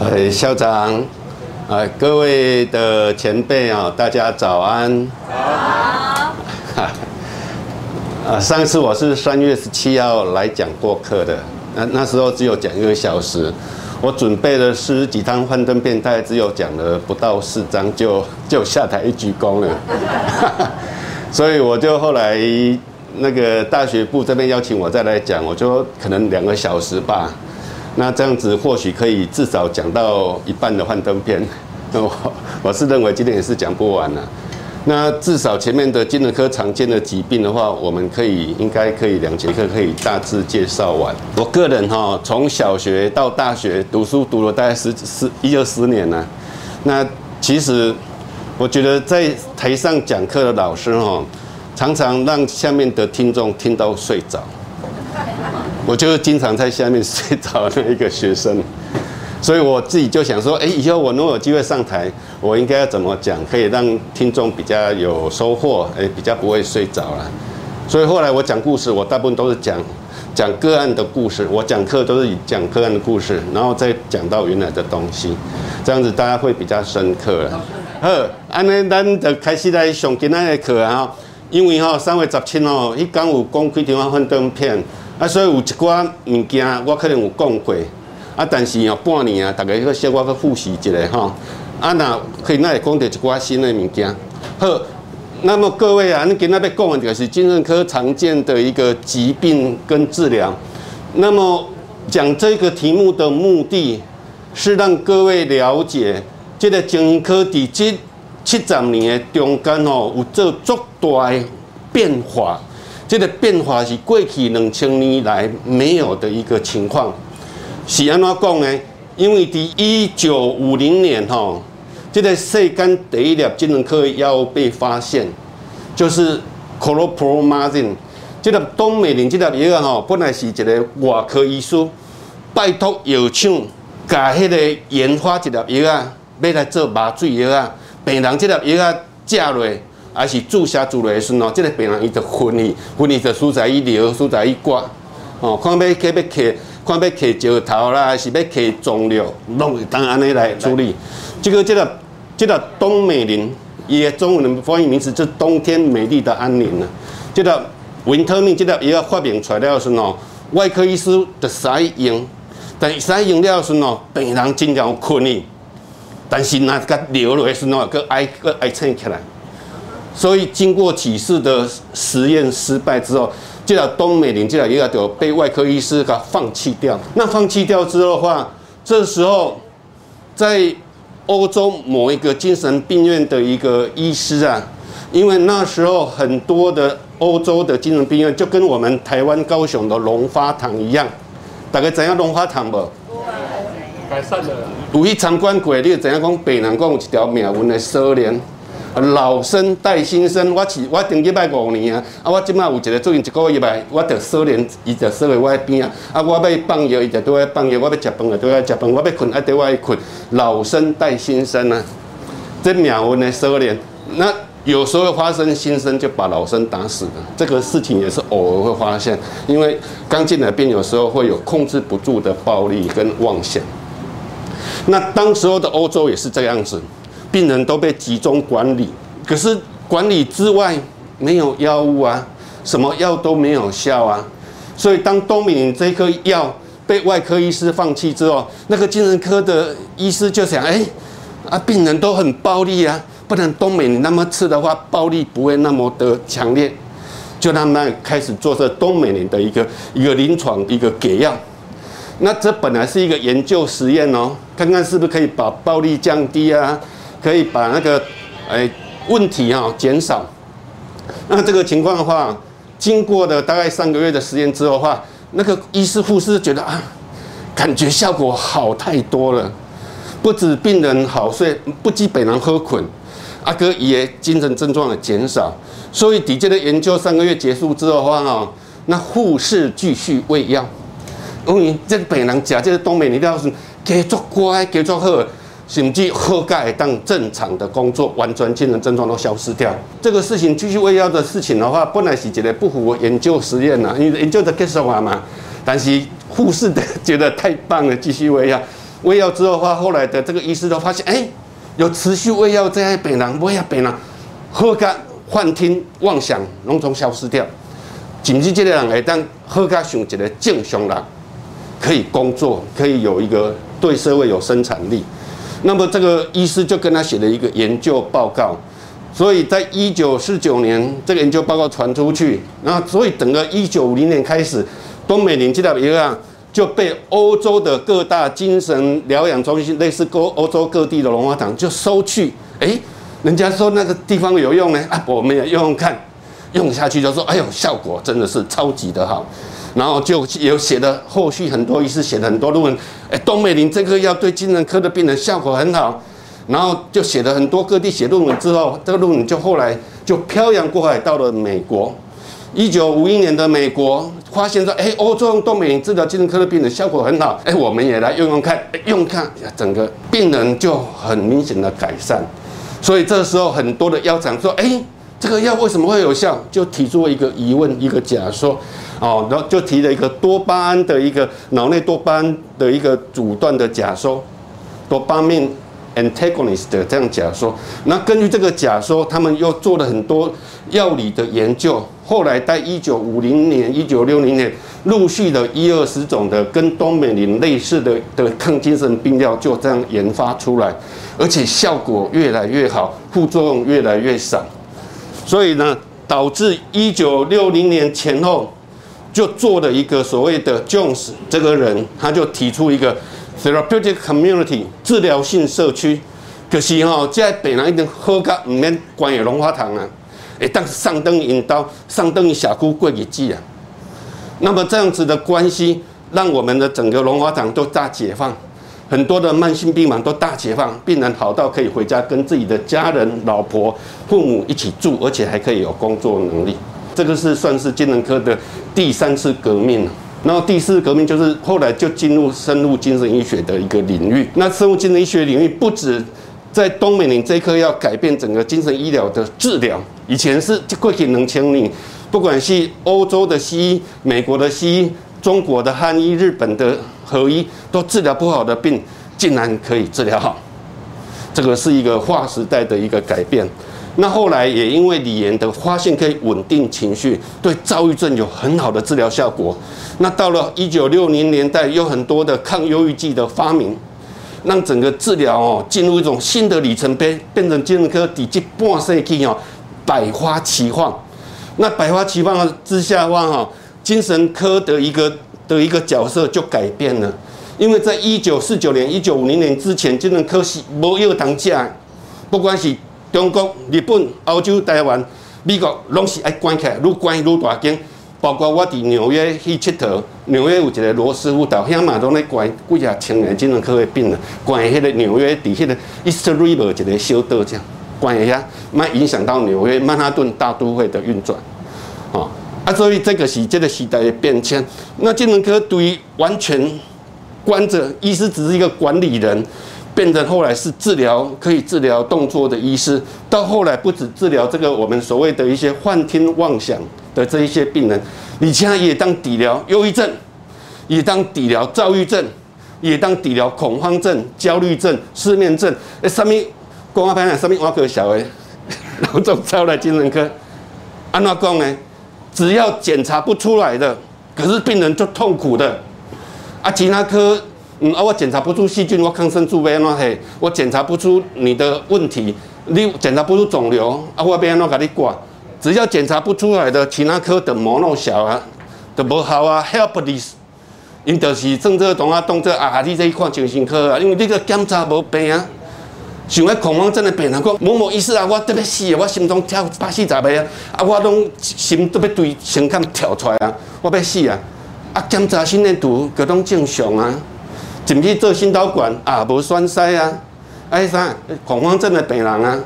哎，校長，哎，各位的前輩啊、哦，大家早安。早安。哈。啊，上次我是三月十七號來講過課的，那那時候只有講一個小時，我準備了十幾張幻燈片，大概只有講了不到四張就就下台一鞠躬了。哈哈。所以我就後來那個大學部這邊邀請我再來講，我就可能兩個小時吧。那這樣子或許可以至少講到一半的幻燈片，那我我是認為今天也是講不完了、啊。那至少前面的精神科常見的疾病的話，我們可以應該可以兩節課可以大致介紹完。我個人哈、喔，從小學到大學讀書讀了大概十十一二十年了、啊，那其實我覺得在台上講課的老師哈、喔，常常讓下面的聽眾聽到睡着。我就是經常在下面睡着的那個學生，所以我自己就想說，哎、欸，以後我如果有機會上台，我應該要怎麼講，可以讓聽眾比較有收穫，哎、欸，比較不會睡着了。所以後來我講故事，我大部分都是講講個案的故事，我講課都是講個案的故事，然後再講到原來的東西，這樣子大家會比較深刻了。呵，安呢咱們就開始來上今天的課啊、喔，因為哈、喔、三月十七號哦，一講武功，規定要放幻燈片。啊，所以有一寡物件我可能有講過，啊，但是啊、哦，半年啊，大家要小可複習一下吼、哦。啊，那可以那也講到一寡新的物件。好，那麼各位啊，你今仔要講的就是精神科常見的一個疾病跟治療。那麼講這個題目的目的是讓各位了解，即個精神科在這七十年的中間吼、哦，有做足大的變化。這個變化是過去兩千年以來沒有的一個情況，是安怎講呢？因為佇一九五零年吼，這個世間第一粒精神科藥被發現，就是 chlorpromazine。這個冬眠靈這粒藥啊，吼，本來是一個外科醫師，拜托藥廠把迄個研發這粒藥啊，買來做麻醉藥啊，病人這粒藥啊，食落。還是注射治療的時陣哦，這個病人伊就昏迷，昏迷就輸在伊流，輸在伊掛，哦，看要要要放，看要放石頭啦，還是要放腫瘤，攏會當安尼來處理。嗯嗯、這個這個這個冬美林，伊的中文的翻譯名字就是冬天美麗的安寧啊。這個溫特命，這個藥仔發明出來了時候，外科醫師就使用，但使用了時候，病人正常困去，但是那個流的時陣哦，個挨個挨蹭起來。所以經過幾次的實驗失敗之後，這台、個、東美林這台醫療被外科醫師給他放棄掉。那放棄掉之後的話，這時候在歐洲某一個精神病院的一個醫師啊，因為那時候很多的歐洲的精神病院就跟我們台灣高雄的龍發堂一樣，大概怎樣龍發堂不？五一了。有鬼，參觀你怎樣講？北南共有一條名文的蛇聯。老生帶新生，我是我頂禮拜五年啊，啊，我今麥有一個最近一個月賣，我得收斂，伊得收我的我邊啊，啊，我要放藥伊就都要放藥，我要食飯啊，都要食飯，我要困，愛在外困，老生帶新生啊，這秒文的收斂，那有時候發生新生就把老生打死的，這個事情也是偶爾會發現，因為剛進來邊有時候會有控制不住的暴力跟妄想，那當時候的歐洲也是這樣子。病人都被集中管理，可是管理之外沒有藥物啊，什麼藥都沒有效啊。所以當冬眠靈這一顆藥被外科醫師放棄之後，那個精神科的醫師就想：哎，啊病人都很暴力啊，不然冬眠靈那麼吃的話，暴力不會那麼的強烈。就慢慢開始做這冬眠靈的一個一個臨床一個給藥。那這本來是一個研究實驗哦，看看是不是可以把暴力降低啊。可以把那個，哎、欸，問題啊、喔、減少。那這個情況的話，經過了大概三個月的時間之後的話，那個醫師護士覺得啊，感覺效果好太多了，不止病人好睡，所以不只病人喝困，阿、啊、哥也精神症狀的減少。所以底下的研究三個月結束之後的話啊，那護士繼續餵藥，因為這個病人吃的、這個、東北女要絲，皆作乖，給作好甚至好甲會當正常的工作，完全精神症狀都消失掉。這個事情繼續餵藥的事情的話，本來是覺得不符合研究實驗了，啊，因為研究的結束了嘛。但是護士的覺得太棒了，繼續餵藥。餵藥之後的話，後來的這個醫師都發現，哎，有持續餵藥這樣的病人，不北病人，好甲幻聽、妄想，攏總消失掉。甚至這個人會當好甲，想為一個正常人，可以工作，可以有一個對社會有生產力。那麼這個醫師就跟他寫了一個研究報告，所以在一九四九年，這個研究報告傳出去，那所以整個一九五零年開始，冬眠靈這到一個就被歐洲的各大精神療養中心，類似各歐洲各地的龍華堂就收去，哎、欸，人家說那個地方有用呢，啊，我們也用用看，用下去就說，哎呦，效果真的是超級的好。然後就有寫的後續很多，醫師寫了很多論文。哎，東美林這個藥對精神科的病人效果很好。然後就寫了很多各地寫論文之後，這個論文就後來就漂洋過海到了美國。一九五一年的美國發現說，哎，歐洲用東美林治療精神科的病人效果很好。哎，我們也來用用看，用看，整個病人就很明顯的改善。所以這時候很多的藥廠說，哎，這個藥為什麼會有效？就提出一個疑問，一個假說。哦，然後就提了一個多巴胺的一個腦內多巴胺的一個阻斷的假說，多巴胺 antagonist 的這樣假說。那根據這個假說，他們又做了很多藥理的研究。後來在一九五零年、一九六零年，陸續的一二十種的跟東美林類似的的抗精神病藥就這樣研發出來，而且效果越來越好，副作用越來越少。所以呢，導致一九六零年前後。就做了一個所謂的 Jones，這個人他就提出一個 therapeutic community 治療性社區，可惜哈，現在北南已經喝咖唔免管有龍花堂啊，哎，但是上燈引刀，上燈下峽谷過日子啊。那麼這樣子的關係，讓我們的整個龍華堂都大解放，很多的慢性病患都大解放，病人好到可以回家跟自己的家人、老婆、父母一起住，而且還可以有工作能力。這個是算是精神科的第三次革命，然後第四次革命就是後來就進入生物精神醫學的一個領域。那生物精神醫學領域，不止在東美林這一科要改變整個精神醫療的治療，以前是過去幾千年，不管是歐洲的西醫、美國的西醫、中國的漢醫、日本的和醫，都治療不好的病，竟然可以治療好，這個是一個劃時代的一個改變。那後來也因為鋰鹽的發現可以穩定情緒，對躁鬱症有很好的治療效果。那到了一九六零年代，有很多的抗憂鬱劑的發明，讓整個治療哦進入一種新的里程碑，變成精神科的這半世紀哦百花齊放。那百花齊放之下的話哈，精神科的一個的一個角色就改變了，因為在一九四九年、一九五零年之前，精神科是沒有當家，不管是。中國、日本、歐洲、台灣、美國，攏是要關起來，越關越大間。包括我佇紐約去鐵佗，紐約有一個羅斯福島，香港都咧關幾啊千年，精神科會變啦。關迄個紐約底迄個 East River 的一個小島，這樣關一下，賣影響到紐約曼哈頓大都會的運轉。啊、哦，啊，所以這個是這個時代的變遷。那精神科完全關着，意思只是一個管理人。變成後來是治療可以治療動作的醫師，到後來不止治療這個我們所謂的一些幻聽妄想的這一些病人，你現在也當底療憂鬱症，也當底療躁鬱症，也當底療恐慌症、焦慮症、失眠症。哎、欸，上面公安班長上面挖個小哎，老總招來精神科，安、啊、怎講呢？只要檢查不出來的，可是病人就痛苦的，啊，其他科。嗯啊，我檢查不出細菌，我抗生素要安怎嘿？我檢查不出你的問題，你檢查不出腫瘤，啊，我要安怎甲你掛？只要檢查不出來的，其他科的無弄小沒啊，的無好啊，helpless，因着是正這東啊，東這啊。啊，你這一看精神科啊，因為你個檢查無病啊，想要恐慌症的病人講，某某醫師啊，我特別死啊，我心臟跳一百四十個啊，啊，我都心特別對心肝跳出來啊，我要死啊，啊，檢查心電圖各種正常啊。進去做心導管也無栓塞啊，還、啊、是啥恐慌症的病人啊，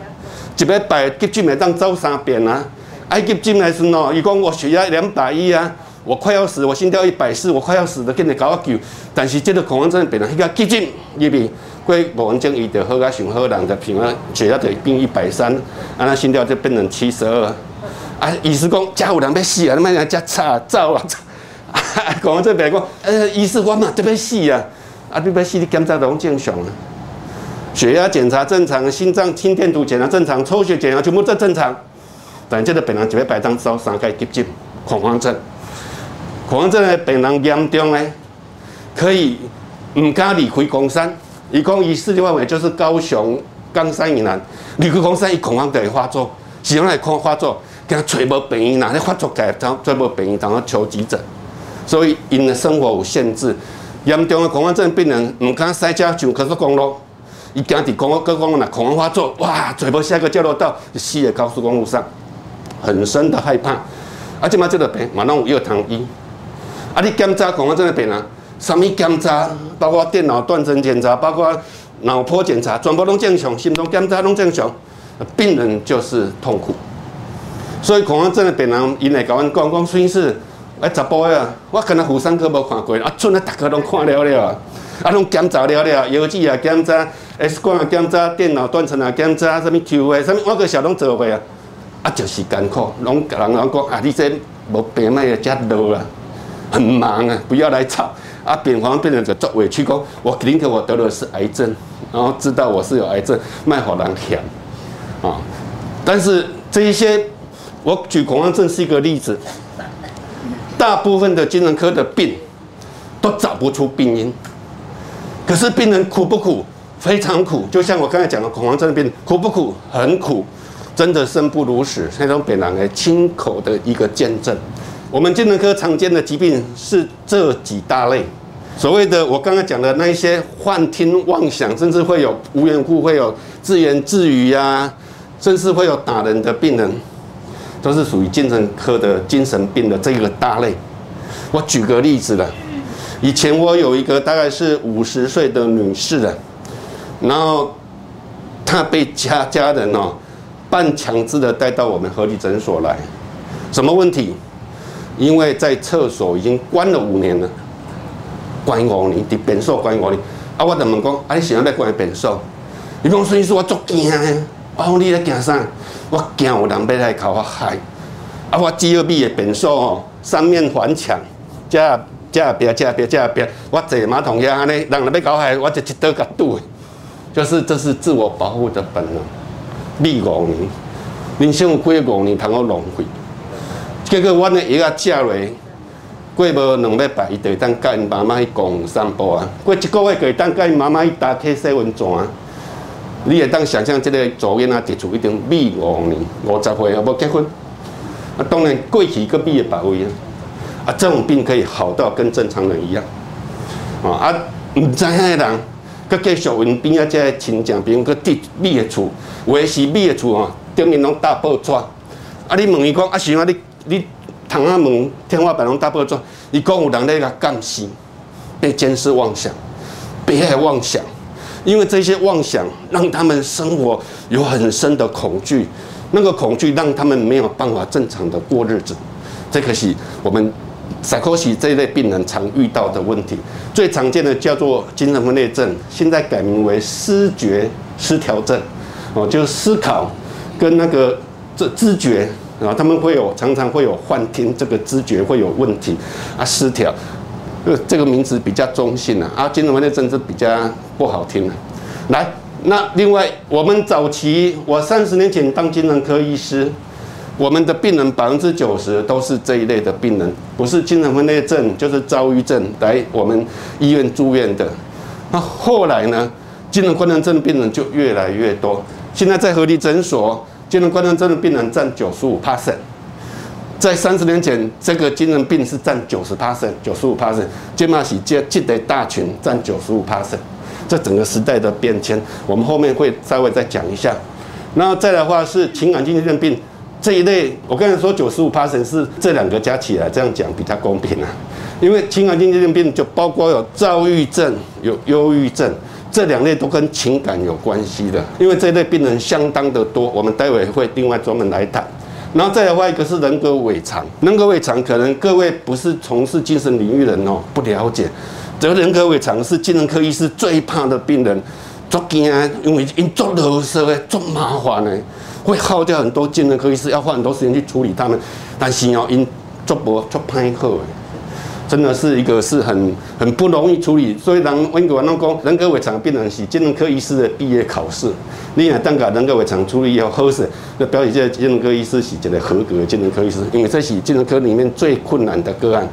一禮拜急診咪當走三遍啊，愛、啊、急診來時哦。伊講我血壓兩百一啊，我快要死，我心跳一百四，我快要死了，跟你搞一救。但是這個恐慌症的病人，迄個急診入邊，怪狂風症伊就好個上好人的平安，血壓得變一百三，啊那心跳就變成七十二。 啊醫師講家有人要死啊，你慢慢加啊，走啊。啊，恐慌症病人講，呃醫師我嘛就要死啊。啊，比拍 CT 檢查都攏正常啊，血壓檢查正常，心臟心電圖檢查正常，抽血檢查全部都正常，但這個病人就要排當燒三階急診恐慌症。恐慌症的病人嚴重呢，可以唔敢離開岡山，一講意四的話，也就是高雄、岡山以南，離開岡山一恐慌就會發作，是用來看發作，驚揣無病因吶，一發作起來，揣無病因，都要求急診，所以因的生活有限制。嚴重的恐慌症病人，唔敢開車上高速公路，伊驚佇公路高速公路恐慌發作，哇，嘴巴下個掉落道，就死在高速公路上，很深的害怕，啊。且嘛就個病，馬上又要躺醫。啊，你檢查恐慌症的病人，什麼檢查，包括電腦斷層檢查，包括腦波檢查，全部攏正常，心臟檢查攏正常，病人就是痛苦。所以恐慌症的病人，伊來甲阮講，講是。誒，十八誒啊，我可能婦產科無看過，啊，陣啊，逐家攏看了了，啊，攏檢查了了，腰子也檢查，X 光也檢查，電腦斷層也檢查，什物，聚會，什物。我個小攏做會啊，啊，就是艱苦，攏甲人講啊，你這無病賣個遮瘤啊，很忙啊，不要來吵，啊，病房變成一個做委屈工，我寧可我得的是癌症，然、哦、後知道我是有癌症，莫互人嫌，啊、哦，但是這一些，我舉恐慌症是一個例子。大部分的精神科的病都找不出病因，可是病人苦不苦？非常苦。就像我剛才講的恐慌症的病苦不苦？很苦，真的生不如死。這種病人來親口的一個見證。我們精神科常見的疾病是這幾大類，所謂的我剛剛講的那一些幻聽、妄想，甚至會有無緣故會有自言自語啊，甚至會有打人的病人。都是屬於精神科的精神病的這個大類。我舉個例子了，以前我有一個大概是五十歲的女士了，然後她被家家人哦半強制的帶到我們合理診所來，什麼問題？因為在廁所已經關了五年了，關五年，佇便所關五年，啊，我怎麼講，啊，你想要來關便所？你講歲數我足驚啊！哦，你來行啥？我驚有人要來搞我害，啊！我只要秘的便所哦，三面環牆，這這邊、這邊、這邊，我坐馬桶呀，安尼，人要來要搞我害，我就一刀個剁。就是，這是自我保護的本能，秘五年，人生有幾個五年通好浪費？結果我呢藥仔吃落去，過無兩禮拜，一單跟因媽媽去公園散步啊，過一個月，一單跟因媽媽去打去洗溫泉啊。你也當想象這個住院啊，住一種米五年，五十歲啊，要結婚。啊，當然過去個米的部位啊，啊，這種病可以好到跟正常人一樣。啊、哦、啊，唔知影的人，佮繼續文兵要再請假，兵佮住米的厝，有的是米的厝哦，頂面攏搭報紙。啊，你問伊講啊，像啊你你窗啊問天花板攏搭報紙，伊講有人在遐干心，被監視妄想，被害妄想。因為這些妄想讓他們生活有很深的恐懼，那個恐懼讓他們沒有辦法正常的過日子。這個是我們 psychosis 這一類病人常遇到的問題，最常見的叫做精神分裂症，現在改名為思覺失調症。哦，就是思考跟那個這知覺啊，他們會有常常會有幻聽，這個知覺會有問題啊，失調。呃，這個名字比較中性啊。啊，精神分裂症是比較。不好聽了，來，那另外，我們早期，我三十年前當精神科醫師，我們的病人百分之九十都是這一類的病人，不是精神分裂症就是躁鬱症來我們醫院住院的。那後來呢，精神官能症的病人就越來越多。現在在隔離診所，精神官能症的病人占九十五 percent，在三十年前，這個精神病是占九十 percent，九十五 percent 大群占九十五 percent。這整個時代的變遷，我們後面會稍微再講一下。然後再來的話是情感性精神病這一類，我剛才說九十五%，是這兩個加起來，這樣講比較公平啊。因為情感性精神病就包括有躁鬱症、有憂鬱症，這兩類都跟情感有關係的。因為這一類病人相當的多，我們待會會另外專門來談。然後再來的話一個是人格違常，人格違常可能各位不是從事精神領域的人哦，不了解。個人格違常是精神科醫師最怕的病人，捉驚啊，因為因捉囉嗦誒，捉麻煩呢會耗掉很多精神科醫師，要花很多時間去處理他們，但是要因捉薄捉歹去，真的是一個是很很不容易處理。所以人溫哥華那講，人格違常病人是精神科醫師的畢業考試。你外，當個人格違常處理以後合適，好表示這精神科醫師是這個合格的精神科醫師，因為這是精神科裡面最困難的個案。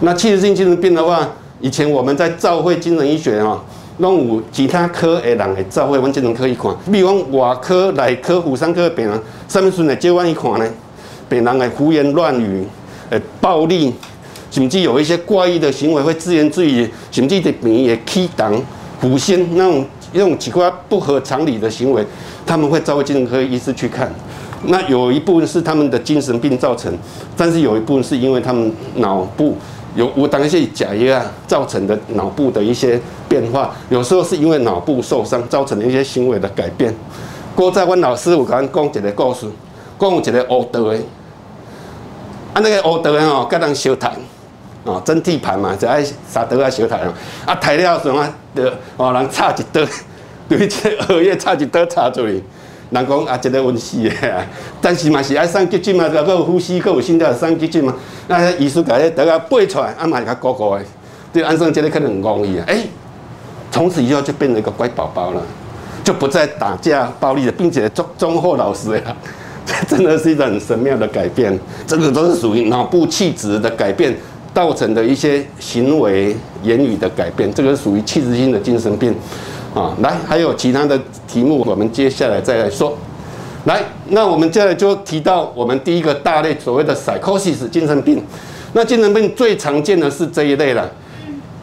那器質性精神病的話，以前我們在照會精神醫學哦，弄有其他科的人來照會我精神科一看，比如講外科、內科、骨傷科的病人，上面說來照會一看呢，病人來胡言亂語、來暴力，甚至有一些怪異的行為，會自言自語，甚至的病人也踢擋、胡仙，那種那種奇怪不合常理的行為，他們會照會精神科醫師去看。那有一部分是他們的精神病造成，但是有一部分是因為他們腦部。有無當一些假藥造成的腦部的一些變化，有時候是因為腦部受傷造成的一些行為的改變。閣再阮老師有甲阮講一個故事，講有一個惡道的。啊那個惡道的吼，甲人相談，哦爭地盤嘛，就愛撒刀啊相談，啊談了什麼的，哦人差一刀，對這荷葉差一刀差出去。人講啊，這個溫習但是嘛是愛上急救嘛，個個呼吸有個個心跳上急救嘛，那醫術家大得背出來，阿媽個哥哥的，對安生這裡可能很容易。啊，哎、欸，從此以後就變成一個乖寶寶了，就不再打架暴力了，並且忠忠厚老實了，啊，這真的是一種很神妙的改變，這個都是屬於腦部氣質的改變造成的一些行為言語的改變，這個屬於氣質性的精神病。啊、哦，來，還有其他的題目，我們接下來再來說。來，那我們接下來就提到我們第一個大類，所謂的 psychosis 精神病。那精神病最常見的是這一類了。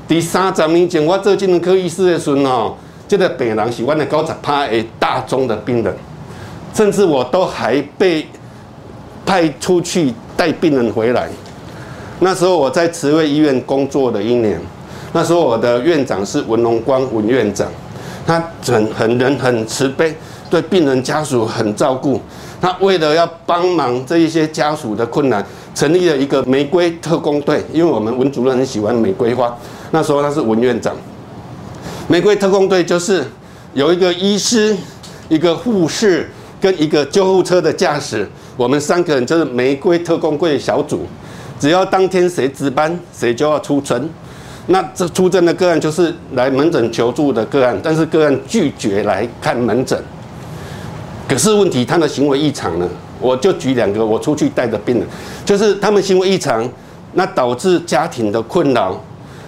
在三十年前，我做精神科醫師的時候，這個病人是我的高差派誒，大宗的病人，甚至我都還被派出去帶病人回來。那時候我在慈惠醫院工作了一年，那時候我的院長是文榮光文院長。他很很人很慈悲，對病人家屬很照顧。他為了要幫忙這一些家屬的困難，成立了一個玫瑰特工隊。因為我們文主任很喜歡玫瑰花，那時候他是文院長。玫瑰特工隊就是有一個醫師、一個護士跟一個救護車的駕駛，我們三個人就是玫瑰特工隊的小組。只要當天誰值班，誰就要出診。那這出診的個案就是來門診求助的個案，但是個案拒絕來看門診。可是問題，他的行為異常呢？我就舉兩個，我出去帶的病人，就是他們行為異常，那導致家庭的困擾，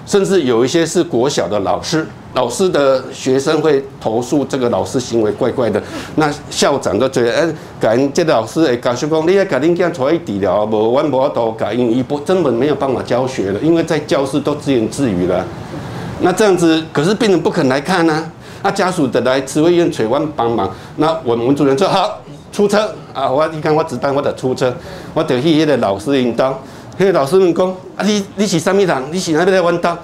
甚至有一些是國小的老師。老師的學生會投訴這個老師行為怪怪的，那校長就覺得，哎、欸，講這個老師，哎，講說講，你也肯定這樣拖一底了，無完無了，講英語不，根本沒有辦法教學了，因為在教室都自言自語了。那這樣子，可是病人不肯來看呢、啊，那、啊、家屬的來慈惠院找我幫忙，那我們主任說好，出車啊，我你看我值班，我得出車，我得去那個老師引導，那些、個、老師們講，啊，你你是什麼人，你是哪裡的彎當？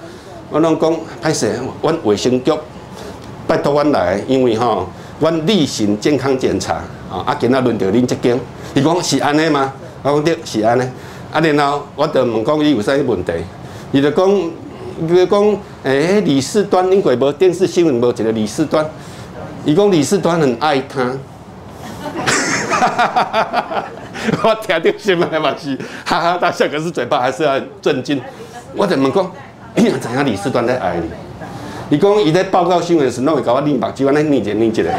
我攏講，歹勢，阮衛生局拜托阮來，因為吼，阮例行健康檢查，吼啊，阿囡仔輪到恁即間，伊講是安尼嗎？我講對，是安尼。啊，然後我就問講伊有啥問題，伊就講，伊講，哎、欸，李四端恁該無電視新聞無一個李四端，伊講李四端很愛他，哈哈哈哈哈，我聽到心內嘛是哈哈大笑，可是嘴巴還是要鎮靜。 我就問講。你怎樣？李四端在愛你？你講你在報告新聞時會給，那位搞我李把吉，原來擰一擰一咧，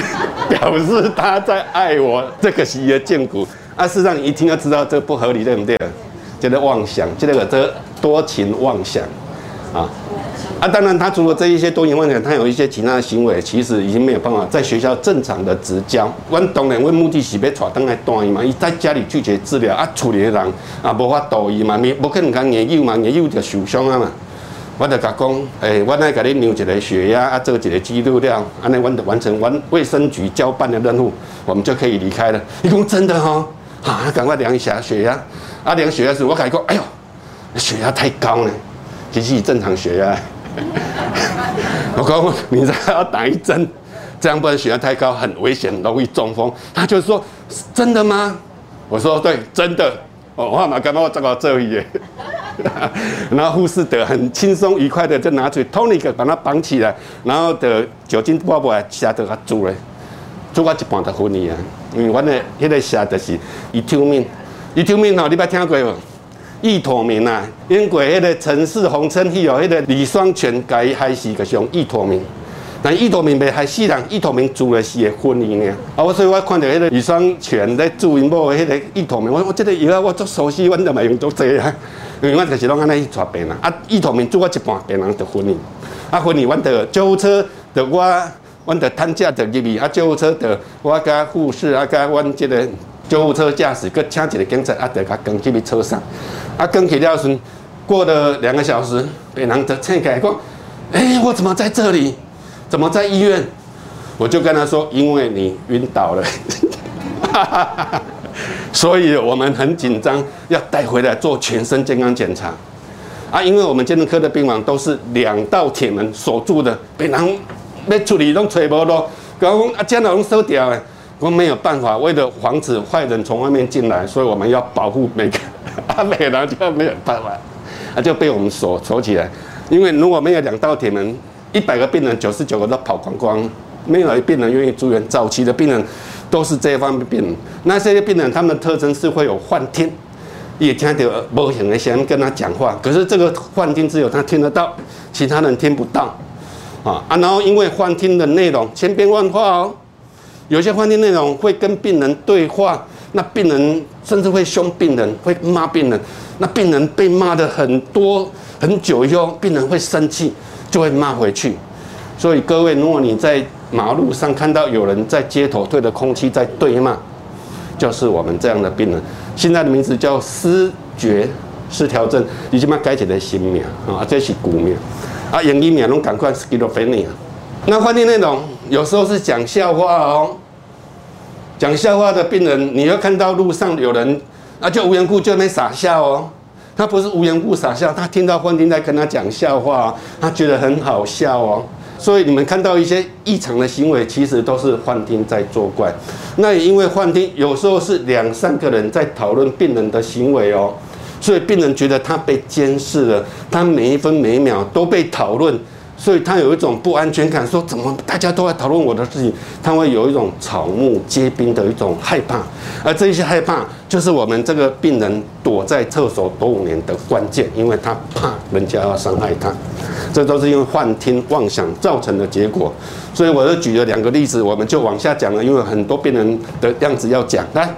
表示他在愛我。這個是個證據啊！事實上，你一聽就知道這不合理，對不對？就、這、是、個、妄想，就、這、那個這個多情妄想啊。啊，當然，他除了這一些東西以外呢，他有一些其他的行為，其實已經沒有辦法在學校正常的執教。我當然我目的是要帶轉來帶伊嘛。伊在家裡拒絕治療啊，處理的人啊，無法度伊嘛，沒不可能講硬拗嘛，硬拗就受傷了嘛，我跟他說、欸。我就甲講，誒，我來甲你量一下血壓啊，做一個記錄了，安尼我們完成完衛生局交辦的任務，我們就可以離開了。你講真的哈、哦？啊，趕快量一下血壓，啊，量血壓時我感覺，哎呦，血壓太高了，其實是正常血壓。 我講，你這要打一針，這樣不然血壓太高很危險，容易中風。他就說，是真的嗎？我說對，真的。我阿媽講，我怎搞做伊耶？然後護士得，很輕鬆愉快的就拿出托尼克，把它綁起來，然後的酒精包過來殺掉阿豬嘞，做我一半的分呢。因為我的那個殺就是一條命，一條命，那你八聽過無？易托明啊，因國迄個陳氏紅村去哦，迄個李雙全改還是個上易托明。那易托明變還死人，易托明住的是個婚姻呢。啊，我所以我看到迄個李雙全在住因某的迄個易托明，我說我這個以後我做手術，我着咪用做這個，因為阮就是攏安尼去抓病人。啊，易托明住我一半病人着婚姻，啊婚姻阮着救護車着我，阮着擔架着入去，啊救護車着我加護士啊加阮這個。救護車駕駛個請幾個警察，啊在個跟起去車上，啊跟起了瞬過了兩個小時，病人就醒過來講：“哎、欸，我怎麼在這裡？怎麼在醫院？”我就跟他說：“因為你暈倒了，哈哈哈哈！所以我們很緊張，要帶回來做全身健康檢查。啊，因為我們精神科的病房都是兩道鐵門鎖住的，病人要出去攏找無路，講阿電腦攏鎖掉了我們沒有辦法，為了防止壞人從外面進來，所以我們要保護每個阿美人，就沒有辦法，啊就被我們鎖鎖起來。因為如果沒有兩道鐵門，一百個病人，九十九個都跑光光，沒有一病人願意住院。早期的病人都是這方面的病人，那些病人他們的特徵是會有幻聽，也聽到無形的人跟他講話，可是這個幻聽只有他聽得到，其他人聽不到，啊啊，然後因為幻聽的內容千變萬化哦。有些幻聽內容會跟病人對話，那病人甚至會凶病人，會罵病人，那病人被罵得很多很久以後，病人會生氣，就會罵回去。所以各位，如果你在馬路上看到有人在街頭對着空氣在對罵，就是我們這樣的病人。現在的名字叫思覺失調症，已經把它改寫的新名啊，這是古名啊，眼睛苗儂趕快 schizophrenia。那幻聽內容。有時候是講笑話哦，講笑話的病人，你要看到路上有人啊，就無緣故就在那傻笑哦。他不是無緣故傻笑，他聽到幻聽在跟他講笑話，他覺得很好笑哦。所以你們看到一些異常的行為，其實都是幻聽在作怪。那也因為幻聽有時候是兩三個人在討論病人的行為哦，所以病人覺得他被監視了，他每一分每一秒都被討論。所以他有一種不安全感，說怎麼大家都在討論我的事情，他會有一種草木皆兵的一種害怕，而這些害怕就是我們這個病人躲在廁所多五年的關鍵，因為他怕人家要傷害他，這都是因為幻聽妄想造成的結果。所以我就舉了兩個例子，我們就往下講了，因為很多病人的樣子要講來，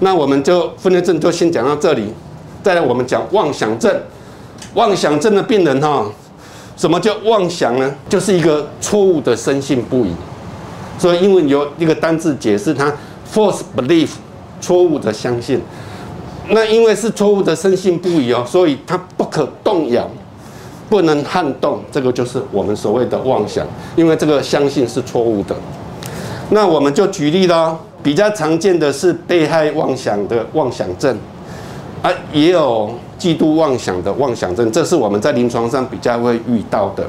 那我們就分裂症就先講到這裡，再來我們講妄想症，妄想症的病人哈。什麼叫妄想呢？就是一個錯誤的深信不疑。所以，因為有一個單字解釋它，false belief，錯誤的相信。那因為是錯誤的深信不疑哦，所以它不可動搖，不能撼動。這個就是我們所謂的妄想，因為這個相信是錯誤的。那我們就舉例了，比較常見的是被害妄想的妄想症。啊，也有嫉妒妄想的妄想症，這是我們在臨床上比較會遇到的。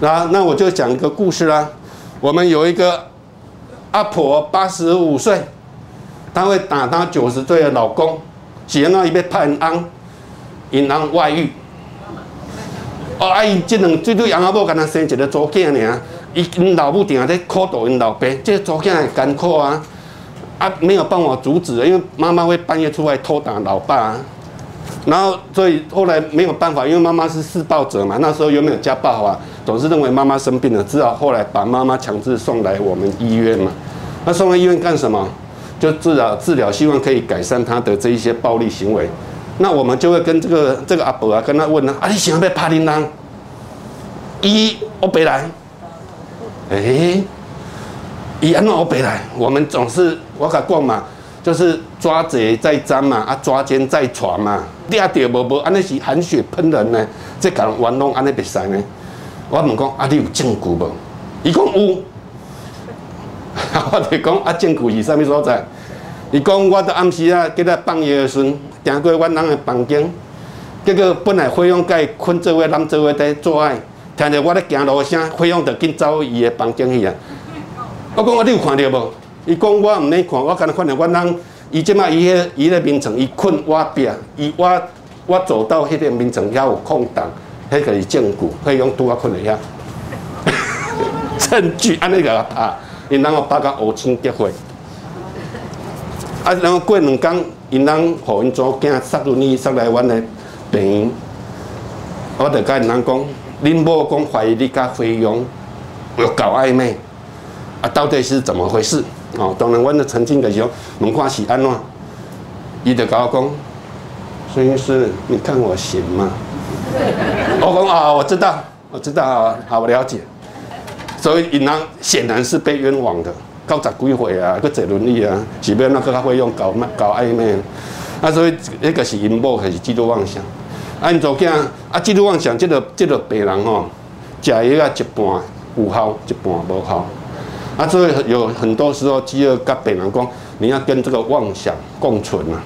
那、啊、那我就講一個故事啦。我們有一個阿婆，八十五歲，她會打她九十歲的老公，結了一對判安，引狼外遇。哦，阿、啊、姨，這兩這對楊阿婆，跟她生一個左囝爾，伊老母定下在苦斗，伊老伯，這左囝很艱苦啊。啊，沒有辦法阻止，因為媽媽會半夜出來偷打老爸、啊，然後所以後來沒有辦法，因為媽媽是施暴者嘛。那時候又沒有家暴啊，總是認為媽媽生病了，只好後來把媽媽強制送來我們醫院嘛。那送來醫院幹什麼？就治療，治療，希望可以改善她的這一些暴力行為。那我們就會跟這個這個阿婆啊，跟她問呢、啊，啊，你喜歡不喜歡帕林鐺？一，我別蘭哎。伊安怎黑白來？我們總是我甲講嘛，就是抓賊再贓嘛，啊，抓奸再床嘛。抓到無無，安、啊、尼是含血噴人呢，即敢玩弄安尼比賽呢？我問講，啊，你有證據無？伊講有。我就講，啊，證據是啥物所在？伊講，我到暗時啊，計咧放尿的時陣，經過阮人個房間，結果本來飛揚甲伊困做位，人做位佇做愛，聽着我咧行路聲，飛揚就緊走的去伊個房間去啊。我講，我你有看到無？伊講，我毋免看，我剛、那個那個那個、才看到阮、那、人、個，伊即馬伊迄伊迄眠床，伊困我邊，伊我我走到迄個眠床遐有空檔，迄個是證據，費用拄我困了遐。證據安尼甲拍，因人我拍甲五千結匯。啊，然後過兩工，因人互因查某囝塞入你塞來阮的病。我得甲你難講，恁某講懷疑你甲費用有搞曖昧。啊，到底是怎麼回事？哦，當然我，我的曾經的時候門掛是安哦，伊就跟我講，孫醫師，你看我行嗎？我講啊、哦，我知道，我知道，好，好了解。所以尹郎顯然是被冤枉的，九十幾歲啊，去坐輪椅啊，是被那個他會用搞搞曖昧啊。所以那個是陰謀還是嫉妒妄想？按照講啊，嫉妒、啊、妄想這個這個病人哦，吃藥啊一半有效，一半無效。啊，所以有很多時候，只要甲別人講，你要跟這個妄想共存啊，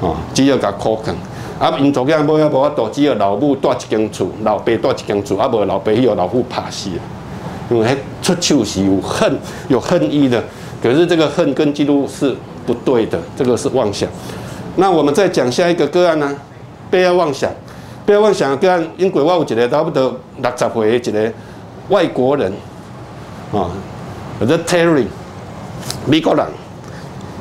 哦，只要甲苦扛。啊，因昨天無也無，我只致老母住一間厝，老爸住一間厝，啊爸，無老伯要老母拍死，因為迄出手是有恨，有恨意的。可是這個恨跟嫉妒是不對的，這個是妄想。那我們再講下一個個案呢、啊？被害妄想，被害妄想的個案，英國我有一個差不多六十歲的一個外國人，啊、哦。The Terry 美國人，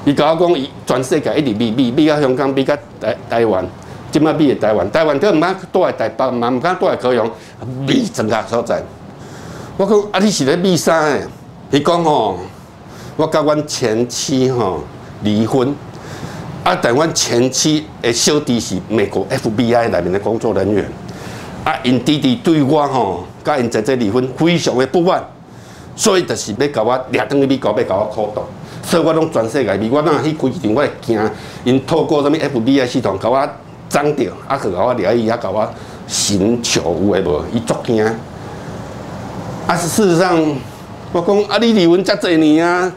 伊講講伊全世界一直避避避到香港，避到台台灣，即擺避去台灣，台灣都毋敢躲在台北，毋敢躲在高雄，避任何所在、在、在、在。我講啊，你是咧避啥誒？伊講吼，我甲阮前妻吼離婚，啊，但阮前妻誒小弟是美國 FBI 內面的工作人員，啊，因弟弟對我吼，甲因姐姐離婚，非常的不滿。所以就是要甲我掠倒去美國，要甲我苦動，所以我攏全世界米，我那去規定我驚，因透過什麼 FBI 系統甲我刪掉，啊去甲我掠伊，啊甲我尋仇，有誒無？伊足驚。啊，事實上我講啊，你離婚遮儕年啊，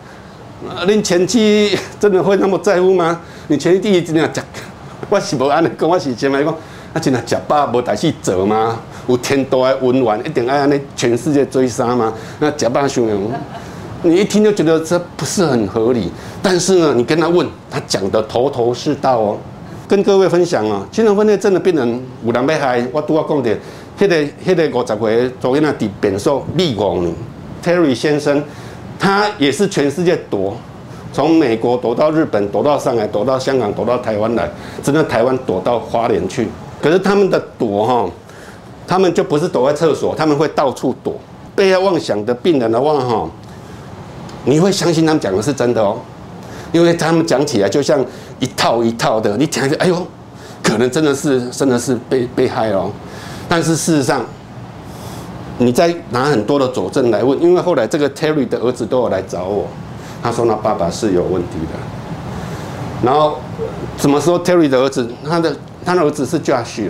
恁前妻真的會那麼在乎嗎？你前妻前一陣啊食，我是無安尼講，我是前來講，啊，真啊食飽無代志做嗎？五天都愛溫婉一點，愛讓全世界追殺嗎？那假兄弟們， 你一聽就覺得這不是很合理。但是呢，你跟他問，他講的頭頭是道哦。跟各位分享啊、哦，精神分裂症的病人有人要害我都要講的那個這、那個五十歲昨天那底扁瘦李光林，Terry 先生，他也是全世界躲，從美國躲到日本，躲到上海，躲到香港，躲到台灣來，真的台灣躲到花蓮去。可是他們的躲哈、哦。他們就不是躲在廁所，他們會到處躲。被害妄想的病人的話，哈，你會相信他們講的是真的哦、喔，因為他們講起來就像一套一套的。你講一句，哎呦，可能真的是，真的是被被害哦、喔。但是事實上，你再拿很多的佐證來問，因為後來這個 Terry 的兒子都有來找我，他說他爸爸是有問題的。然後怎麼說 Terry 的兒子，他的他的兒子是假虛。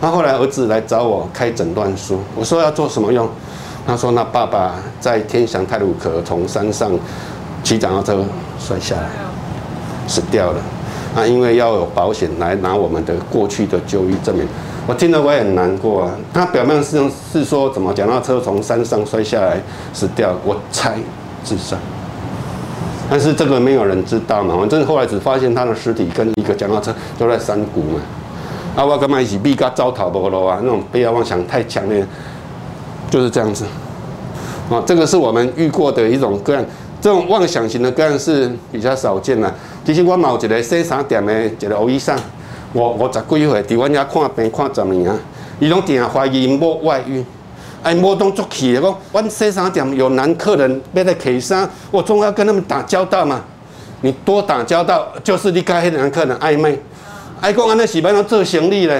那後來兒子來找我開診斷書，我說要做什麼用？他說：“那爸爸在天祥太魯閣從山上騎腳踏車摔下來，死掉了。那、啊、因為要有保險來拿我們的過去的就醫證明，我聽了我也很難過、啊。他表面上是，是說怎麼腳踏車，車從山上摔下來死掉，我猜自殺。但是這個沒有人知道嘛，反正後來只發現他的屍體跟一個腳踏車都在山谷嘛。”啊，我感覺伊是比較，噶糟蹋不嘍啊！那種不要妄想太強烈，就是這樣子。啊、哦，這個是我們遇過的一種個案，這種妄想型的個案是比較少見啦。其實我某一個洗衫店的一個護生，我我五十幾歲會，佇阮遐看病看十年啊，伊攏底下懷疑某外遇，哎，無當作起，講我洗衫店有男客人要來旗衫，我總要跟他們打交道嘛。你多打交道，就是你跟那個男客人曖昧。愛講安尼是想要做生意呢？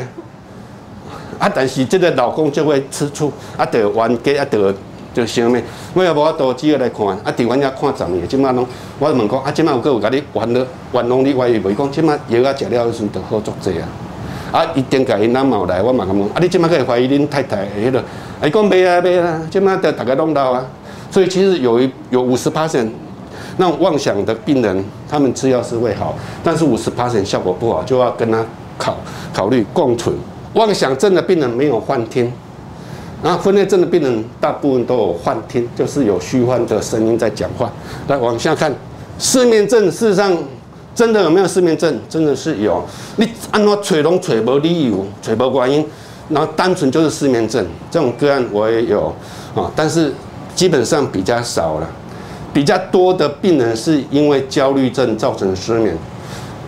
啊！但是這個老公就會吃醋，啊，得冤家，啊，得，就什麼？也無法度只好來看？啊，對阮遐看十年。即擺攏，我問講，啊，即擺有閣有甲你冤了，冤枉你懷疑，我伊袂講。即擺藥啊，食了，陣就好做濟啊。啊，一定甲伊那矛來？我嘛咁講，啊，你即擺可會懷疑恁太太迄、那個？伊講袂啊，袂啊，即擺得大家攏老啊。所以其實有一有五十 percent。那妄想的病人，他們吃藥是會好，但是五十趴效果不好，就要跟他考考慮共存。妄想症的病人沒有幻聽，然後分裂症的病人大部分都有幻聽，就是有虛幻的聲音在講話。來往下看，失眠症事實上真的有沒有失眠症？真的是有，你按怎揣攏揣無理由，揣無原因，然後單純就是失眠症這種個案我也有啊，但是基本上比較少了。比較多的病人是因為焦慮症造成失眠，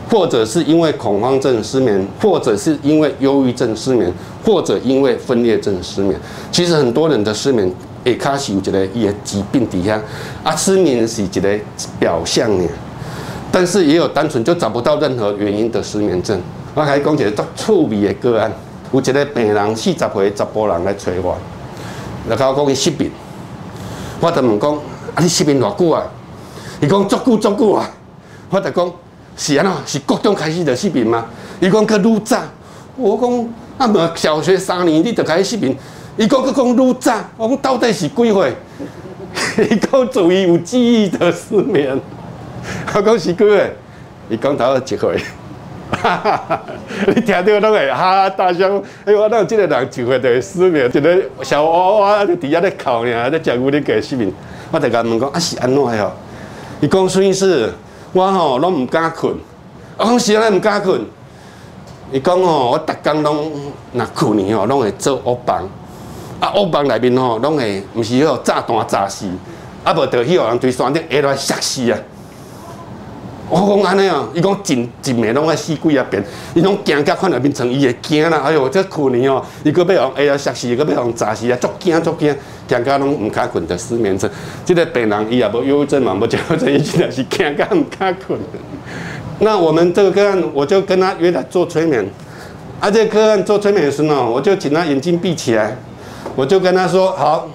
或者是因為恐慌症失眠，或者是因為憂鬱症失眠，或者因為分裂症失眠。其實很多人的失眠，會有一開始我覺得有一個疾病底下，啊，失眠是一個表象呀。但是也有單純就找不到任何原因的失眠症。我還講一個有趣的個案，有一個病人四十歲的查某人來找我，來跟我講失眠，我他們講。啊！你失眠多久啊？伊講足久足久啊！我就講是安怎，是高中開始就失眠嗎？伊講可愈早。我講啊，小學三年你就開始失眠。伊講可講愈早。我講到底是幾歲？伊講屬於有記憶的失眠。我講是幾歲？伊講頭一幾回？哈哈哈！你聽到都會、欸、會蚪蚪那、啊都啊、都都會哈哈大笑？哎、啊、呦，那個真的人就會在失眠，就在小窩窩在底下在哭呢，在講屋裡底在失眠。我在家問講啊是安怎的？你講算是我吼攏毋敢困，我講是安唔敢困。你講吼，我逐工攏若去年吼攏會做烏夢，啊烏夢內面吼攏會毋是迄號炸彈炸死，啊不去許人對山頂下落來摔死啊！我講安尼哦，伊講一一面攏愛四季啊變，伊講驚甲看到變成伊會驚啊。哎呦，這苦呢哦、喔，伊個要讓哎呀嚇死，個要人砸死，啊。足驚足驚，驚甲攏毋敢困的失眠症。這個病人伊也無憂鬱症嘛，無焦慮症，伊真的是驚甲毋敢困睏。 那我們這個個案，我就跟他約他做催眠，而、啊、且、這個案做催眠的時呢，我就請他眼睛閉起來，我就跟他說：好，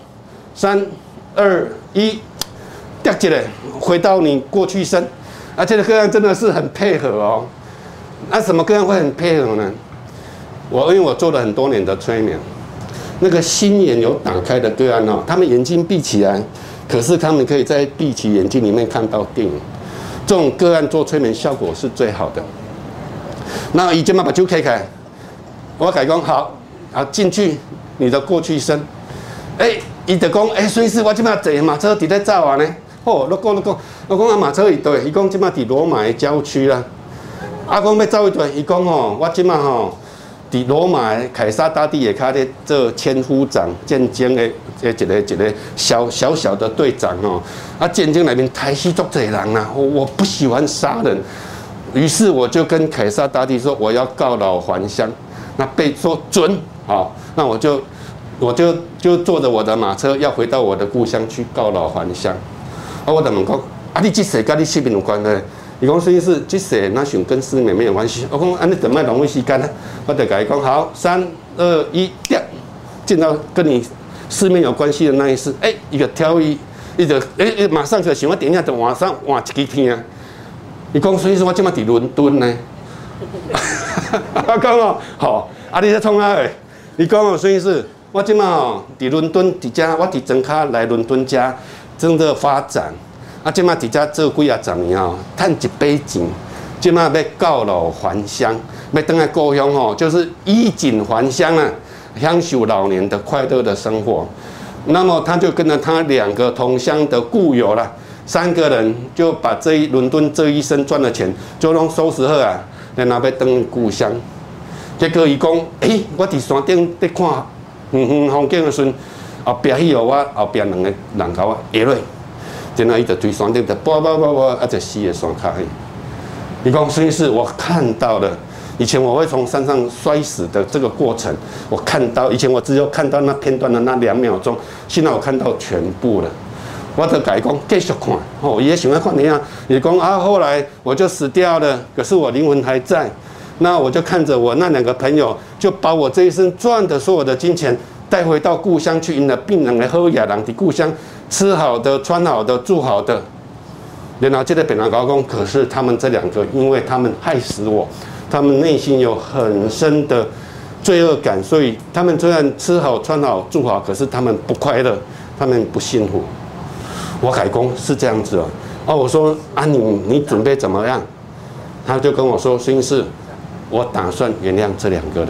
三、二、一，掉起來，回到你過去生。而且這個案真的是很配合哦，那、啊、什麼個案會很配合呢？我因為我做了很多年的催眠，那個心眼有打開的個案哦，他們眼睛閉起來，可是他們可以在閉起眼睛裡面看到電影，這種個案做催眠效果是最好的。那已經把把球開開，我要改工，好，啊進去你的過去生，哎、欸，你、欸、的工，哎，隨時我這邊要馬嘛，底在炸完呢。哦，老公，老公，老公，阿馬車一對，一共即馬佇羅馬的郊區啦、啊。阿、啊、公要走一對，一共哦，我即、哦、馬吼佇羅馬凱撒大帝的下底做千夫長，將軍的誒一,一個一個小小小的隊長哦，阿將軍內面太喜捉賊人啦、啊，我不喜歡殺人。於是我就跟凱撒大帝說，我要告老還鄉。那被說準，好、哦，那我就我就就坐着我的馬車要回到我的故鄉去告老還鄉。我我就問講，啊，你即世跟你失眠有關的？伊講孫醫師，即世那想跟失眠沒有關係。我講，啊，你怎賣浪費時間呢？我就甲伊講，好，三二一，掉，進到跟你失眠有關係的那一事，誒、欸，一個挑一，一個，誒、欸、誒，馬上就想要點一下就，等晚上換一支聽。伊講，孫醫師，我今麥在倫敦呢。哈啊，講哦，好，啊，你在創啥？你講哦，孫醫師，我今麥哦在倫敦，佇家，我佇真卡來倫敦家。真正在發展，啊，即馬佇遮做幾啊十年哦，喔，賺一筆錢，即馬要告老還鄉，要登去故鄉吼，就是衣錦還鄉啦，啊，享受老年的快樂的生活。那麼他就跟着他兩個同鄉的故友啦，三個人就把這一倫敦這一生賺的錢，就攏收拾好啊，然後去登故鄉。結果伊講，誒、欸，我佇山頂在看嗯嗯風景的時候。啊，變去哦，我後邊兩個人口啊，眼淚，然後伊就推山頂，就啵啵啵啵，一直死在山咖啡，你講，所以是我看到了，以前我會從山上摔死的這個過程，我看到，以前我只有看到那片段的那兩秒鐘，現在我看到全部了。我的改講繼續看，哦，也喜歡看那樣，你講啊，後來我就死掉了，可是我靈魂還在，那我就看着我那兩個朋友，就把我這一生賺的所有的金錢。帶回到故鄉去，因了病人來喝亞楠的故鄉，吃好的、穿好的、住好的。然後接着病人告訴我，可是他們這兩個，因為他們害死我，他們內心有很深的罪惡感，所以他們雖然吃好、穿好、住好，可是他們不快樂，他們不幸福。我改工是這樣子哦、啊，哦，我說安寧、啊，你準備怎麼樣？他就跟我說孫醫師，我打算原諒這兩個人。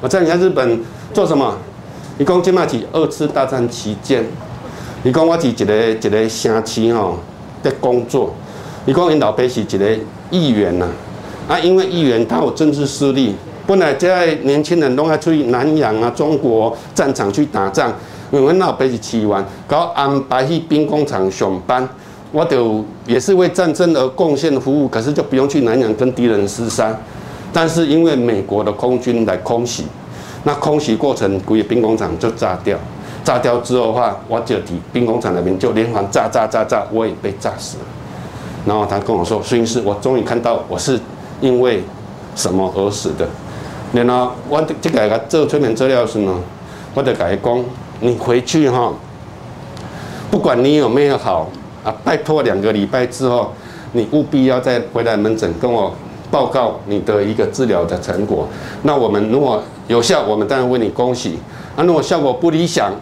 我在人家日本做什麼？你講金馬幾二次大戰期間，你講我是一個一個城市吼的工作，你講我老伯是一個議員吶、啊。啊，因為議員他有政治勢力，本來在年輕人都愛去南洋啊、中國戰場去打仗，因為我們老伯是議員，給我安排去兵工廠上班。我就也是為戰爭而貢獻服務，可是就不用去南洋跟敵人廝殺。但是因為美國的空軍來空襲，那空襲過程，古野兵工廠就炸掉。炸掉之後的話，我就提兵工廠那邊就連環炸，炸，炸，炸，我也被炸死了。然後他跟我說：“孫醫師，我終於看到我是因為什麼而死的。”然後我這個做催眠治療時呢，我就跟他講：“你回去哈，不管你有沒有好啊，拜托兩個禮拜之後，你務必要再回來門診跟我。”報告你的一個治療的成果，那我們如果有效，我們當然為你恭喜。那、啊、如果效果不理想，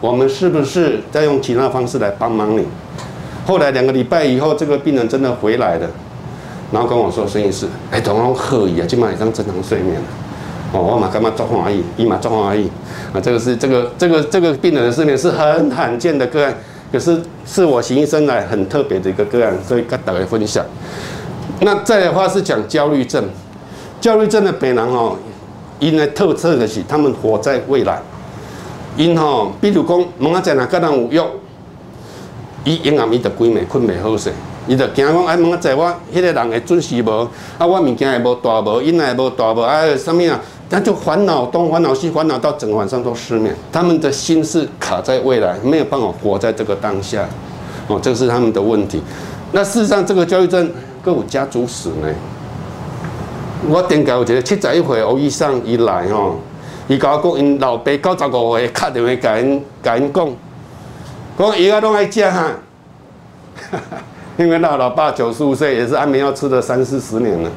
我們是不是再用其他方式來幫忙你？後來兩個禮拜以後，這個病人真的回來了，然後跟我說音是：“孫醫師，哎，怎麼可以啊，今晚一張正常睡眠了？哦，我馬上裝華益，立馬裝華益啊！這個是這個這個這個病人的失眠是很罕見的個案，可是是我行醫生涯很特別的一個個案，所以跟大家分享。”那再來的話是講焦慮症，焦慮症的病人哦，因為透徹的特色是他們活在未來，因哈、哦，比如講，明天哪個人有約，伊因阿咪得規暝困袂好勢，伊得驚講哎，明天我迄個人會準時無？啊，我物件也無帶無，因來也無帶無，啊，什麼呀？那、啊、就煩惱東煩惱西，煩惱到整晚上都失眠。他們的心是卡在未來，沒有辦法活在這個當下，哦，這個是他們的問題。那事實上，這個焦慮症。各有家族史呢。我頂個有一個七十一歲，我以上一來吼，伊甲我講因老爸九十五歲，卡點會甲因甲因講，供伊個攏愛吃哈，哈哈，因為那老爸九十五歲也是安眠藥吃了三四十年了。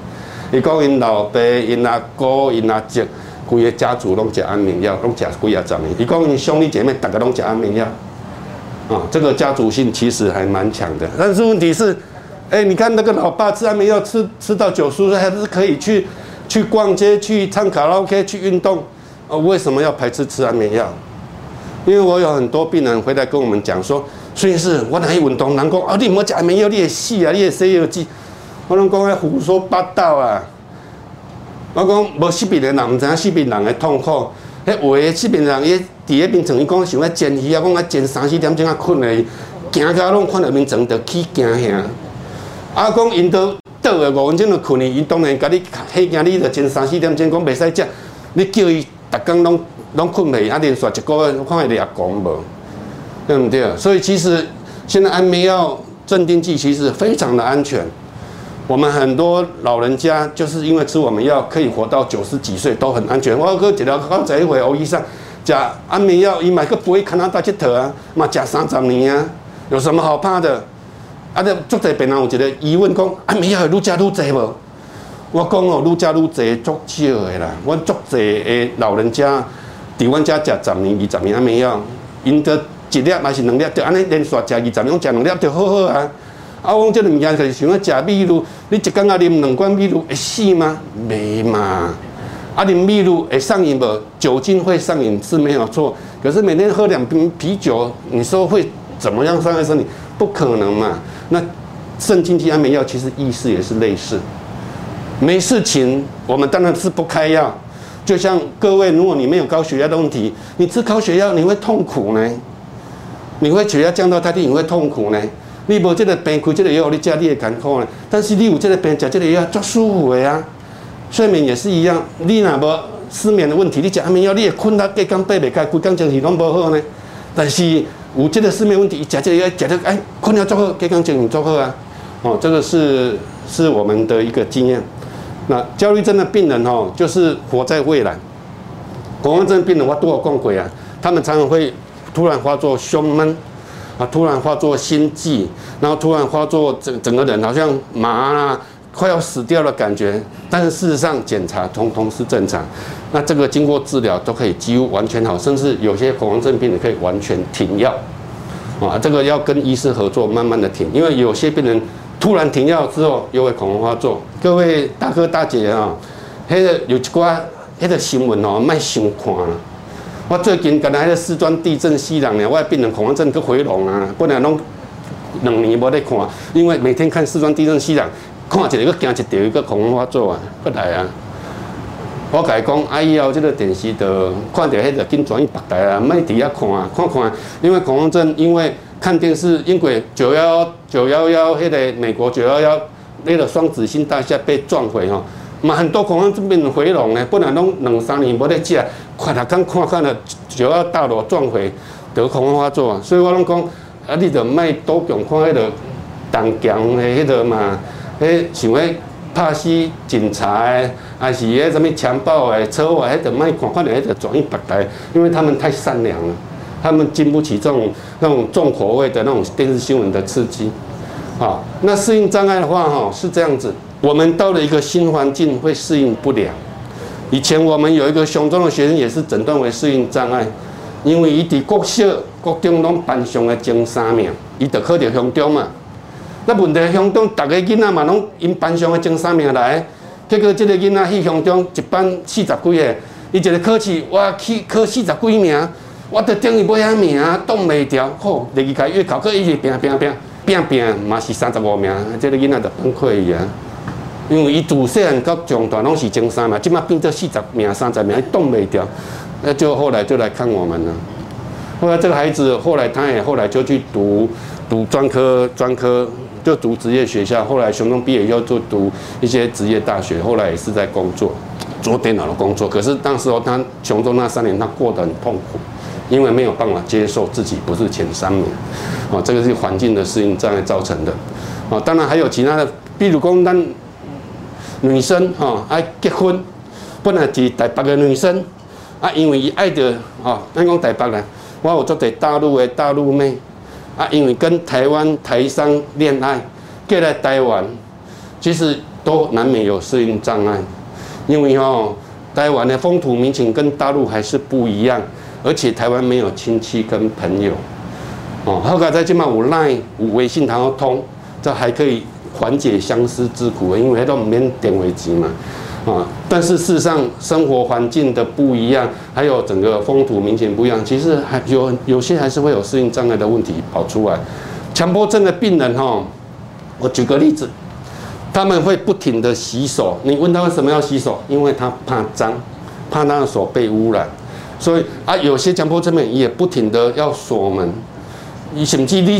伊講因老爸、因阿哥、因阿姐，規個家族攏吃安眠藥，攏吃幾啊十年。伊講因兄弟姐妹大家攏吃安眠藥，啊、哦，這個家族性其實還蠻強的，但是問題是。誒、欸，你看那個老爸吃安眠藥吃吃到九十多，還是可以去去逛街、去唱卡拉 OK、去運動。哦、呃，為什麼要排斥吃安眠藥？因為我有很多病人回來跟我們講說，孫醫師，我哪有運動、人講。哦、啊，你莫吃安眠藥，你會死啊，你也衰又急。我攏講遐胡說八道啊！我講無失眠的人唔知影失眠人的痛苦。遐位失眠的人也佇遐眠床，伊講想要煎魚啊，講啊煎三、四點鐘啊困嘞，驚到攏看到眠床就起驚嚇。阿、啊、公，因都倒了五分鐘就困去，伊當然甲你嚇驚，你就前三四點鐘講袂使食，你叫伊逐天攏攏困袂，阿定耍一個月，快點阿公無，對不對？所以其實現在安眠藥、鎮定劑其實非常的安全。我們很多老人家就是因為吃我們藥，可以活到九十幾歲都很安全。我哥幾條剛才一回，我醫生講安眠藥伊買個不會加拿大去偷啊，嘛食三十年啊，有什麼好怕的？啊！這足濟病人有一個疑問講：安眠藥會愈食愈儕無？我講哦，愈食愈儕足少的啦。阮足濟的老人家佇阮家食十年、二十年安眠藥，用得一粒還是兩粒？就安尼連續食二十年，食兩粒就好好啊。啊，我講這個物件就是想要食秘魯，你一工阿啉兩罐秘魯會死嗎？袂嘛。啊，啉秘魯會上癮無？酒精會上癮是沒有錯，可是每天喝兩瓶啤酒，你說會怎麼樣傷害身體？不可能嘛。那，鎮靜劑安眠藥其實意思也是類似，沒事情，我們當然是不開藥。就像各位，如果你沒有高血壓的問題，你吃高血壓你會痛苦呢？你會血壓降到太低，你會痛苦呢？你無這個病，苦這個也有你家裡的健康呢。但是你有這個病，吃這個藥足舒服的、啊、呀。睡眠也是一樣，你若無失眠的問題，你吃安眠藥你也困到蓋剛被被蓋，苦剛將起床不好呢。但是。五階的是沒問題，解決也解決，哎，空調作何？健康產品作何啊？哦，這個是是我們的一個經驗。那焦慮症的病人哦，就是活在未來。恐慌症的病人，我都有講過啊？他們常常會突然發作胸悶，啊，突然發作心悸，然後突然發作整整個人好像麻啊。快要死掉的感覺，但是事實上檢查通通是正常，那這個經過治療都可以幾乎完全好，甚至有些恐慌症病人也可以完全停藥，啊、哦，這個要跟醫師合作慢慢的停，因為有些病人突然停藥之後又會恐慌發作。各位大哥大姐啊、哦，那個有一掛那個新聞哦，賣先看了。我最近跟那那四川地震死人呢，我病人恐慌症回了都回籠啦，不能攏兩年無得看，因為每天看四川地震死人。看一條，佫驚一條，佫恐慌發作啊！佫來啊！我甲伊講，哎呀，即、這個電視都看着迄個，緊轉去別台啊！莫佇遐看啊，看看因為恐慌症，因為看電視，因為九幺九幺幺迄個美國九幺幺那個雙子星大廈被撞毀吼，嘛很多恐慌症變回籠的，本來攏兩三年冇得啊看下看一看到九幺幺大樓撞毀，得恐慌發作啊！所以我攏講，啊，你就莫多強看迄，那個東強的迄個嘛。誒，想要拍死、警察，還是迄什麼強暴誒，車禍，迄就賣看，看到迄轉移別台，因為他們太善良了，他們經不起這種那種重口味的那種電視新聞的刺激。好、哦，那適應障礙的話，吼、哦、是這樣子，我們到了一個新環境會適應不了。以前我們有一個雄中的學生，也是診斷為適應障礙，因為伊佇國校、國中攏班上個前三名，伊就考到雄中嘛。那問題鄉中，逐個囡仔嘛攏因班上的前三名來，結果即個囡仔去鄉中一班四十幾個，伊一個考試我去考四十幾名，我著等於無啥名，擋未調。好，第二下月考過伊就拼拼拼拼拼嘛是三十五名，即、這個囡仔就崩潰去啊。因為伊自細漢到中段攏是前三嘛，即馬變做四十名、三十名，伊擋未調，那就後來就來看我們了。後來這個孩子後來他也後來就去讀讀專科專科。就讀職業學校，後來雄中畢業以後就讀一些職業大學，後來也是在工作，做電腦的工作。可是當時他雄中那三年他過得很痛苦，因為沒有辦法接受自己不是前三名，哦，這個是環境的適應障礙造成的。哦，當然還有其他的，比如說咱女生哦，啊結婚不能只台北的女生，啊因為愛的哦，咱講台北啦，我有得在大陸的大陸妹。啊，因為跟台灣台商戀愛，過來台灣，其實都難免有適應障礙，因為哦，台灣的風土民情跟大陸還是不一樣，而且台灣沒有親戚跟朋友，哦，好在現在有 LINE 有微信也都通，這還可以緩解相思之苦，因為都免電話錢嘛。啊，但是事實上，生活環境的不一樣，還有整個風土明顯不一樣，其實還有有些還是會有適應障礙的問題跑出來。強迫症的病人哈，我舉個例子，他們會不停的洗手，你問他為什麼要洗手，因為他怕髒，怕他的手被污染，所以啊，有些強迫症的也不停的要鎖門。甚至你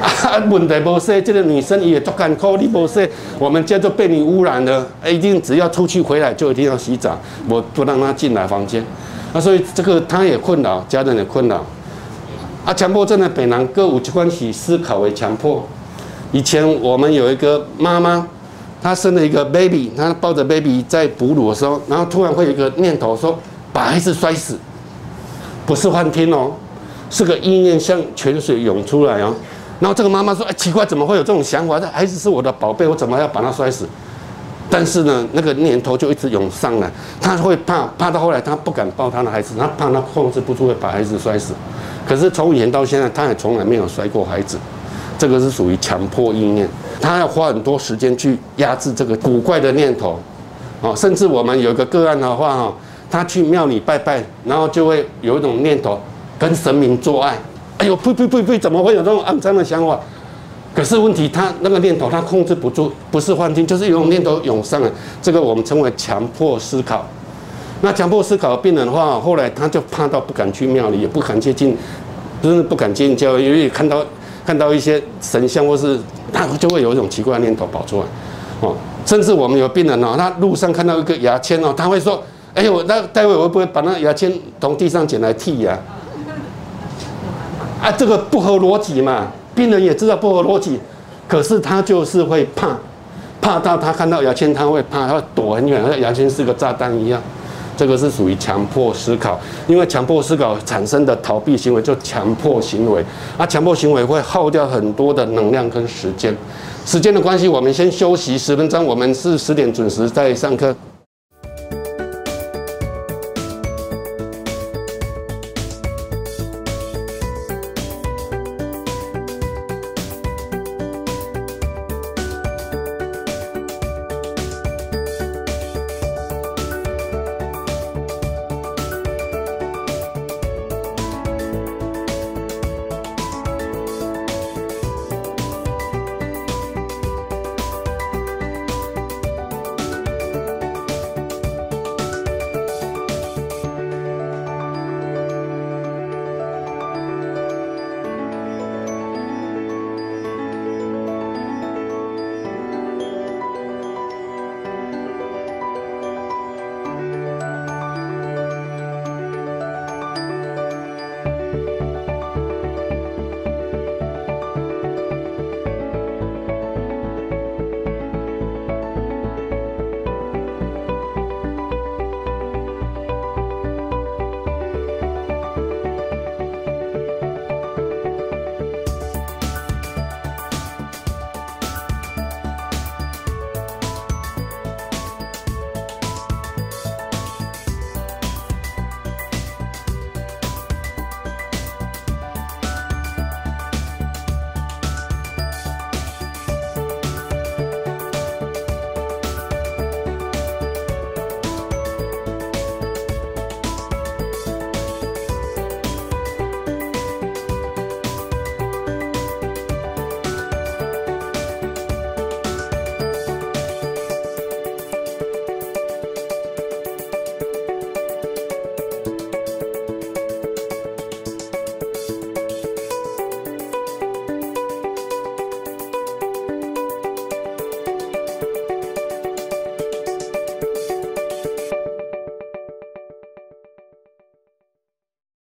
啊，問題無說，這個女生也足艱苦，你無說，我們家都被你污染了。一定只要出去回來，就一定要洗澡，我不讓她進來房間。啊，所以這個她也困擾，家人也困擾。啊，強迫症的病人跟有關係思考為強迫。以前我們有一個媽媽，她生了一個 baby，她抱着 baby 在哺乳的時候，然後突然會有一個念頭說，把孩子摔死，不是幻聽哦，是個意念像泉水湧出來哦。然後這個媽媽說，哎，“奇怪，怎麼會有這種想法？這孩子是我的寶貝，我怎麼要把他摔死？”但是呢，那個念頭就一直湧上來，他會怕，怕到後來他不敢抱他的孩子，他怕他控制不住會把孩子摔死。可是從以前到現在，他也從來沒有摔過孩子。這個是屬於強迫意念，他要花很多時間去壓制這個古怪的念頭。甚至我們有一個個案的話，哦，他去廟裡拜拜，然後就會有一種念頭跟神明做愛。哎呦，不不不不，怎麼會有那種骯髒的想法？可是問題，他那個念頭他控制不住，不是幻聽就是有一種念頭湧上來。這個我們稱為強迫思考。那強迫思考的病人的話，後來他就怕到不敢去廟裡，也不敢接近，真的不敢接近教育，因為看到看到一些神像或是，他就會有一種奇怪的念頭跑出來。哦，甚至我們有病人哦，他路上看到一個牙籤哦，他會說：“哎、欸、呦，那待會我會不會把那牙籤從地上撿來剔牙。”啊，這個不合邏輯嘛！病人也知道不合邏輯，可是他就是會怕，怕到他看到牙籤他會怕，他會躲很遠，像牙籤是個炸彈一樣。這個是屬於強迫思考，因為強迫思考產生的逃避行為就強迫行為。啊，強迫行為會耗掉很多的能量跟時間。時間的關係，我們先休息十分鐘。我們是十點準時再上課。